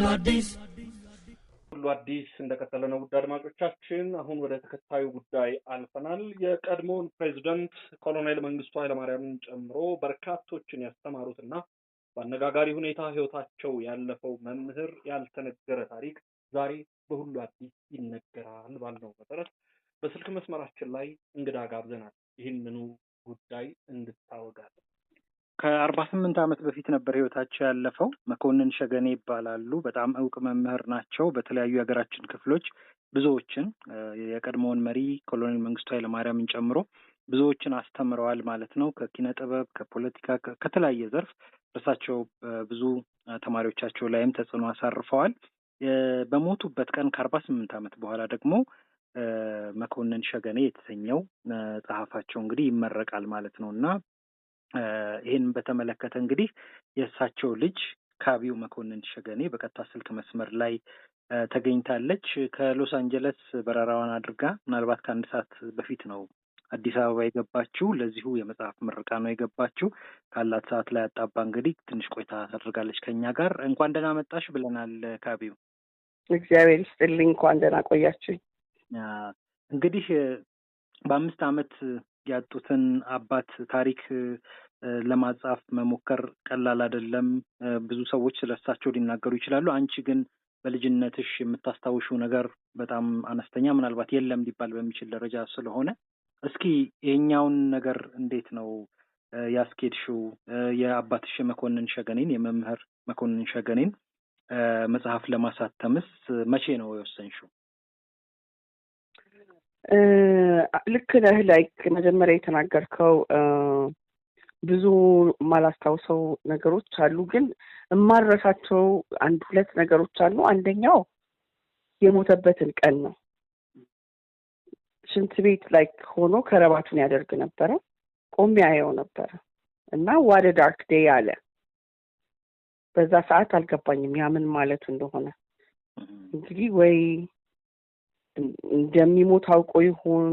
ሁሉ አዲስ ሁሉ አዲስ እንደቀጠለ ነው። ውድ አድማጮቻችን፣ አሁን ወደ ተከታዩ ጉዳይ አልፈናል። የቀድሞውን ፕሬዚደንት ኮሎኔል መንግስቱ ኃይለማርያምን ጨምሮ በርካቶችን ያስተማሩትና በአነጋጋሪ ሁኔታ ህይወታቸው ያለፈው መምህር ያልተነገረ ታሪክ ዛሬ በሁሉ አዲስ ይነገራል ባልነው መሰረት በስልክ መስመራችን ላይ እንግዳ ጋብዘናል። ይህንኑ ጉዳይ እንድታወጋል ከአርባ ስምንት ዓመት በፊት ነበር ህይወታቸው ያለፈው። መኮንን ሸገኔ ይባላሉ። በጣም እውቅ መምህር ናቸው። በተለያዩ የሀገራችን ክፍሎች ብዙዎችን የቀድሞውን መሪ ኮሎኔል መንግስቱ ኃይለማርያምን ጨምሮ ብዙዎችን አስተምረዋል ማለት ነው። ከኪነ ጥበብ፣ ከፖለቲካ፣ ከተለያየ ዘርፍ እርሳቸው ብዙ ተማሪዎቻቸው ላይም ተጽዕኖ አሳርፈዋል። በሞቱበት ቀን ከአርባ ስምንት ዓመት በኋላ ደግሞ መኮንን ሸገኔ የተሰኘው መጽሐፋቸው እንግዲህ ይመረቃል ማለት ነው እና ይህን በተመለከተ እንግዲህ የእሳቸው ልጅ ካቢው መኮንን ሸገኔ በቀጥታ ስልክ መስመር ላይ ተገኝታለች። ከሎስ አንጀለስ በረራዋን አድርጋ ምናልባት ከአንድ ሰዓት በፊት ነው አዲስ አበባ የገባችው። ለዚሁ የመጽሐፍ ምረቃ ነው የገባችው። ካላት ሰዓት ላይ አጣባ እንግዲህ ትንሽ ቆይታ ታደርጋለች ከኛ ጋር። እንኳን ደህና መጣሽ ብለናል ካቢው። እግዚአብሔር ይስጥልኝ። እንኳን ደህና ቆያችኝ። እንግዲህ በአምስት ዓመት ያጡትን አባት ታሪክ ለማጻፍ መሞከር ቀላል አይደለም። ብዙ ሰዎች ስለ እሳቸው ሊናገሩ ይችላሉ። አንቺ ግን በልጅነትሽ የምታስታውሹ ነገር በጣም አነስተኛ፣ ምናልባት የለም ሊባል በሚችል ደረጃ ስለሆነ እስኪ ይሄኛውን ነገር እንዴት ነው ያስኬድሽው? የአባትሽ የመኮንን ሸገኔን የመምህር መኮንን ሸገኔን መጽሐፍ ለማሳተምስ መቼ ነው የወሰንሽው? ልክ ነህ። ላይክ መጀመሪያ የተናገርከው ብዙ ማላስታውሰው ነገሮች አሉ፣ ግን የማረሳቸው አንድ ሁለት ነገሮች አሉ። አንደኛው የሞተበትን ቀን ነው። ሽንት ቤት ላይክ ሆኖ ከረባቱን ያደርግ ነበረ። ቆም ያየው ነበረ እና ዋደ ዳርክ ዴይ አለ። በዛ ሰዓት አልገባኝም ያምን ማለቱ እንደሆነ እንግዲህ ወይ እንደሚሞት አውቆ ይሆን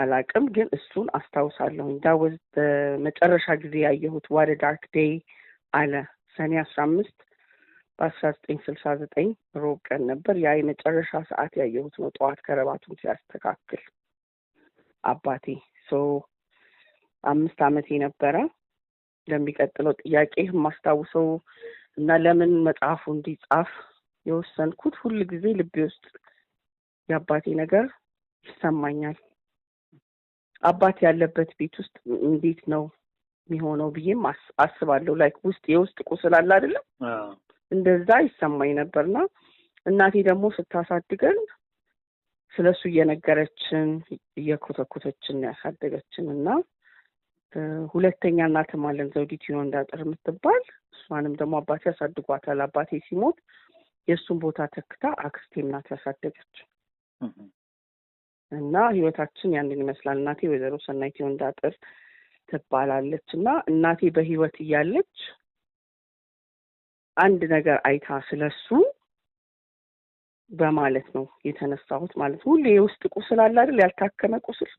አላቅም፣ ግን እሱን አስታውሳለሁ ዳወዝ በመጨረሻ ጊዜ ያየሁት ዋደ ዳርክ ዴይ አለ ሰኔ አስራ አምስት በአስራ ዘጠኝ ስልሳ ዘጠኝ ሮብ ቀን ነበር። ያ የመጨረሻ ሰዓት ያየሁት ነው። ጠዋት ከረባቱን ሲያስተካክል አባቴ ሶ አምስት ዓመቴ ነበረ። ለሚቀጥለው ጥያቄ የማስታውሰው እና ለምን መጽሐፉ እንዲጻፍ የወሰንኩት ሁል ጊዜ ልቤ ውስጥ የአባቴ ነገር ይሰማኛል። አባት ያለበት ቤት ውስጥ እንዴት ነው የሚሆነው ብዬም አስባለሁ። ላይክ ውስጥ የውስጥ ቁስል አለ አይደለም፣ እንደዛ ይሰማኝ ነበርና እናቴ ደግሞ ስታሳድገን ስለሱ እየነገረችን እየኮተኮተችን ያሳደገችን እና ሁለተኛ እናትም አለን ዘውዲት ሆኖ እንዳጠር የምትባል እሷንም ደግሞ አባቴ ያሳድጓታል። አባቴ ሲሞት የእሱን ቦታ ተክታ አክስቴም ናት ያሳደገችን። እና ህይወታችን ያንን ይመስላል። እናቴ ወይዘሮ ሰናይት እንዳጥር ትባላለች እና እናቴ በህይወት እያለች አንድ ነገር አይታ ስለሱ በማለት ነው የተነሳሁት። ማለት ሁሌ የውስጥ ቁስል አለ አይደል? ያልታከመ ቁስል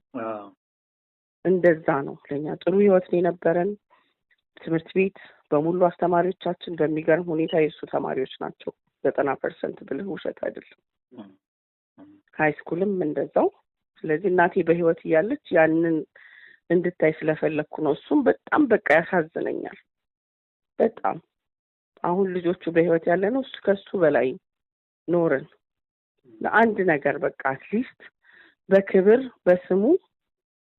እንደዛ ነው። ለኛ ጥሩ ህይወት ነው የነበረን። ትምህርት ቤት በሙሉ አስተማሪዎቻችን በሚገርም ሁኔታ የእሱ ተማሪዎች ናቸው። ዘጠና ፐርሰንት ብልህ ውሸት አይደለም። ሃይስኩልም እንደዛው። ስለዚህ እናቴ በህይወት እያለች ያንን እንድታይ ስለፈለግኩ ነው። እሱም በጣም በቃ ያሳዝነኛል በጣም አሁን ልጆቹ በህይወት ያለ ነው እሱ ከሱ በላይ ኖርን ለአንድ ነገር በቃ አትሊስት በክብር በስሙ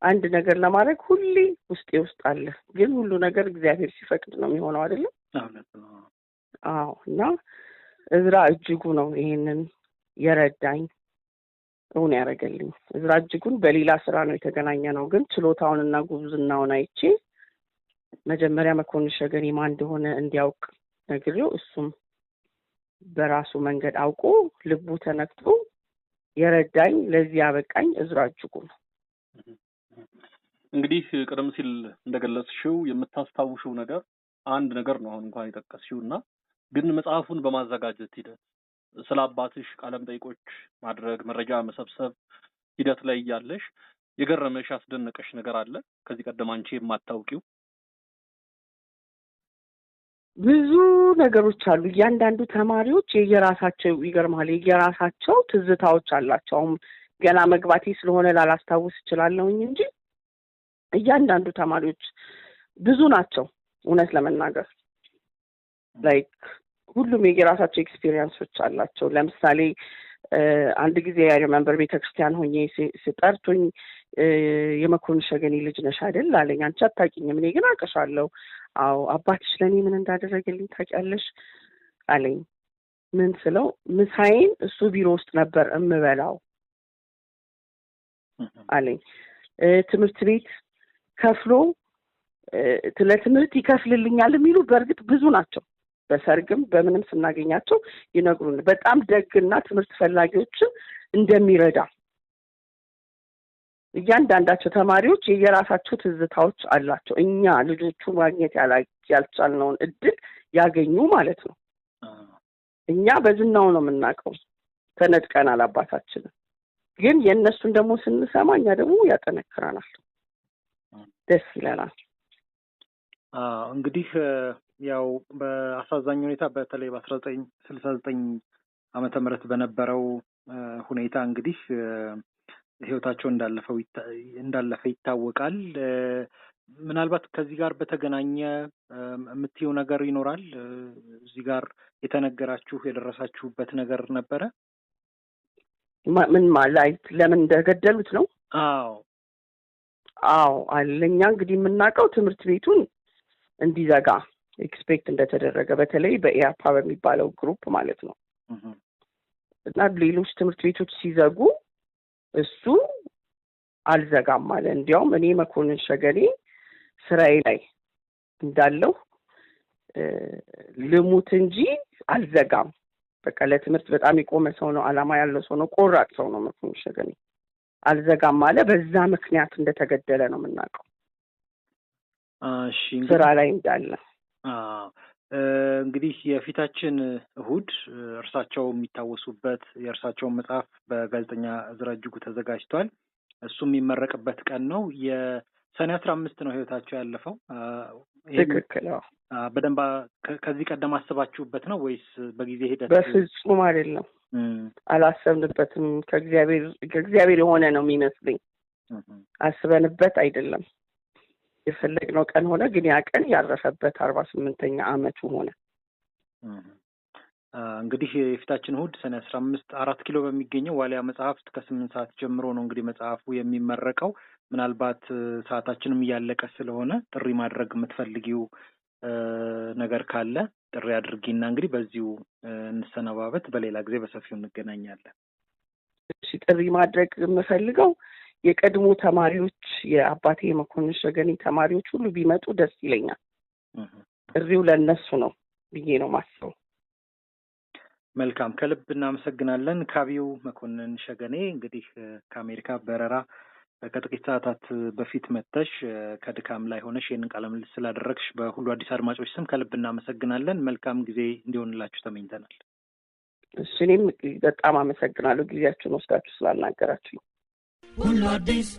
አንድ ነገር ለማድረግ ሁሌ ውስጤ ውስጥ አለ። ግን ሁሉ ነገር እግዚአብሔር ሲፈቅድ ነው የሚሆነው አይደለም? አዎ። እና እዝራ እጅጉ ነው ይሄንን የረዳኝ እውን ያደረገልኝ እዝራ እጅጉን በሌላ ስራ ነው የተገናኘ ነው። ግን ችሎታውንና ጉብዝናውን አይቼ መጀመሪያ መኮንን ሸገኔ ማ እንደሆነ እንዲያውቅ ነግሬው እሱም በራሱ መንገድ አውቆ ልቡ ተነክቶ የረዳኝ ለዚህ ያበቃኝ እዝራ እጅጉ ነው። እንግዲህ ቀደም ሲል እንደገለጽሽው የምታስታውሽው ነገር አንድ ነገር ነው አሁን እንኳን የጠቀስሽው እና ግን መጽሐፉን በማዘጋጀት ሂደት ስለ አባትሽ ቃለም ጠይቆች ማድረግ መረጃ መሰብሰብ ሂደት ላይ እያለሽ የገረመሽ ያስደነቀሽ ነገር አለ ከዚህ ቀደም አንቺ የማታውቂው? ብዙ ነገሮች አሉ። እያንዳንዱ ተማሪዎች የየራሳቸው ይገርማል፣ የየራሳቸው ትዝታዎች አላቸውም ገና መግባቴ ስለሆነ ላላስታውስ እችላለሁኝ እንጂ እያንዳንዱ ተማሪዎች ብዙ ናቸው እውነት ለመናገር ላይክ ሁሉም የራሳቸው ኤክስፒሪየንሶች አላቸው። ለምሳሌ አንድ ጊዜ ሪመንበር ቤተክርስቲያን ሆኜ ስጠርቱኝ የመኮንን ሸገኔ ልጅ ነሽ አይደል አለኝ። አንቺ አታውቂኝም፣ እኔ ግን አውቅሻለሁ። አዎ አባትሽ ለእኔ ምን እንዳደረገልኝ ታውቂያለሽ አለኝ። ምን ስለው ምሳዬን እሱ ቢሮ ውስጥ ነበር እምበላው አለኝ። ትምህርት ቤት ከፍሎ ለትምህርት ይከፍልልኛል የሚሉ በእርግጥ ብዙ ናቸው። በሰርግም በምንም ስናገኛቸው ይነግሩን። በጣም ደግና ትምህርት ፈላጊዎችን እንደሚረዳ እያንዳንዳቸው ተማሪዎች የየራሳቸው ትዝታዎች አላቸው። እኛ ልጆቹ ማግኘት ያልቻልነውን እድል ያገኙ ማለት ነው። እኛ በዝናው ነው የምናውቀው፣ ተነጥቀናል። አባታችንን ግን የእነሱን ደግሞ ስንሰማ እኛ ደግሞ ያጠነክረናል፣ ደስ ይለናል። እንግዲህ ያው በአሳዛኝ ሁኔታ በተለይ በአስራ ዘጠኝ ስልሳ ዘጠኝ ዓመተ ምህረት በነበረው ሁኔታ እንግዲህ ህይወታቸው እንዳለፈው እንዳለፈ ይታወቃል። ምናልባት ከዚህ ጋር በተገናኘ የምትየው ነገር ይኖራል? እዚህ ጋር የተነገራችሁ የደረሳችሁበት ነገር ነበረ? ምን ማለት ለምን እንደገደሉት ነው? አዎ አዎ አለኛ እኛ እንግዲህ የምናውቀው ትምህርት ቤቱን እንዲዘጋ ኤክስፔክት እንደተደረገ በተለይ በኢያፓ በሚባለው ግሩፕ ማለት ነው እና ሌሎች ትምህርት ቤቶች ሲዘጉ እሱ አልዘጋም ማለት እንዲያውም እኔ መኮንን ሸገሌ ስራዬ ላይ እንዳለው ልሙት እንጂ አልዘጋም። በቃ ለትምህርት በጣም የቆመ ሰው ነው፣ አላማ ያለው ሰው ነው፣ ቆራጥ ሰው ነው መኮንን ሸገሌ። አልዘጋም አለ። በዛ ምክንያት እንደተገደለ ነው የምናውቀው ስራ ላይ እንዳለ እንግዲህ የፊታችን እሁድ እርሳቸው የሚታወሱበት የእርሳቸውን መጽሐፍ በጋዜጠኛ እዝራ እጅጉ ተዘጋጅቷል። እሱ የሚመረቅበት ቀን ነው። የሰኔ አስራ አምስት ነው ህይወታቸው ያለፈው። ትክክል። በደንብ ከዚህ ቀደም አስባችሁበት ነው ወይስ በጊዜ ሂደት? በፍጹም አይደለም፣ አላሰብንበትም። ከእግዚአብሔር የሆነ ነው የሚመስለኝ፣ አስበንበት አይደለም። የፈለግነው ቀን ሆነ፣ ግን ያ ቀን ያረፈበት አርባ ስምንተኛ አመቱ ሆነ። እንግዲህ የፊታችን እሁድ ሰኔ አስራ አምስት አራት ኪሎ በሚገኘው ዋሊያ መጽሐፍት ከስምንት ሰዓት ጀምሮ ነው እንግዲህ መጽሐፉ የሚመረቀው። ምናልባት ሰዓታችንም እያለቀ ስለሆነ ጥሪ ማድረግ የምትፈልጊው ነገር ካለ ጥሪ አድርጊና እንግዲህ በዚሁ እንሰነባበት። በሌላ ጊዜ በሰፊው እንገናኛለን። እሺ፣ ጥሪ ማድረግ የምፈልገው የቀድሞ ተማሪዎች የአባቴ የመኮንን ሸገኔ ተማሪዎች ሁሉ ቢመጡ ደስ ይለኛል። ጥሪው ለእነሱ ነው ብዬ ነው ማስበው። መልካም ከልብ እናመሰግናለን። ካቢው መኮንን ሸገኔ እንግዲህ ከአሜሪካ በረራ ከጥቂት ሰዓታት በፊት መጥተሽ ከድካም ላይ ሆነሽ ይህንን ቃለ ምልልስ ስላደረግሽ በሁሉ አዲስ አድማጮች ስም ከልብ እናመሰግናለን። መልካም ጊዜ እንዲሆንላችሁ ተመኝተናል። እሺ፣ እኔም በጣም አመሰግናለሁ ጊዜያችሁን ወስዳችሁ ስላናገራችሁኝ። Who Lord this?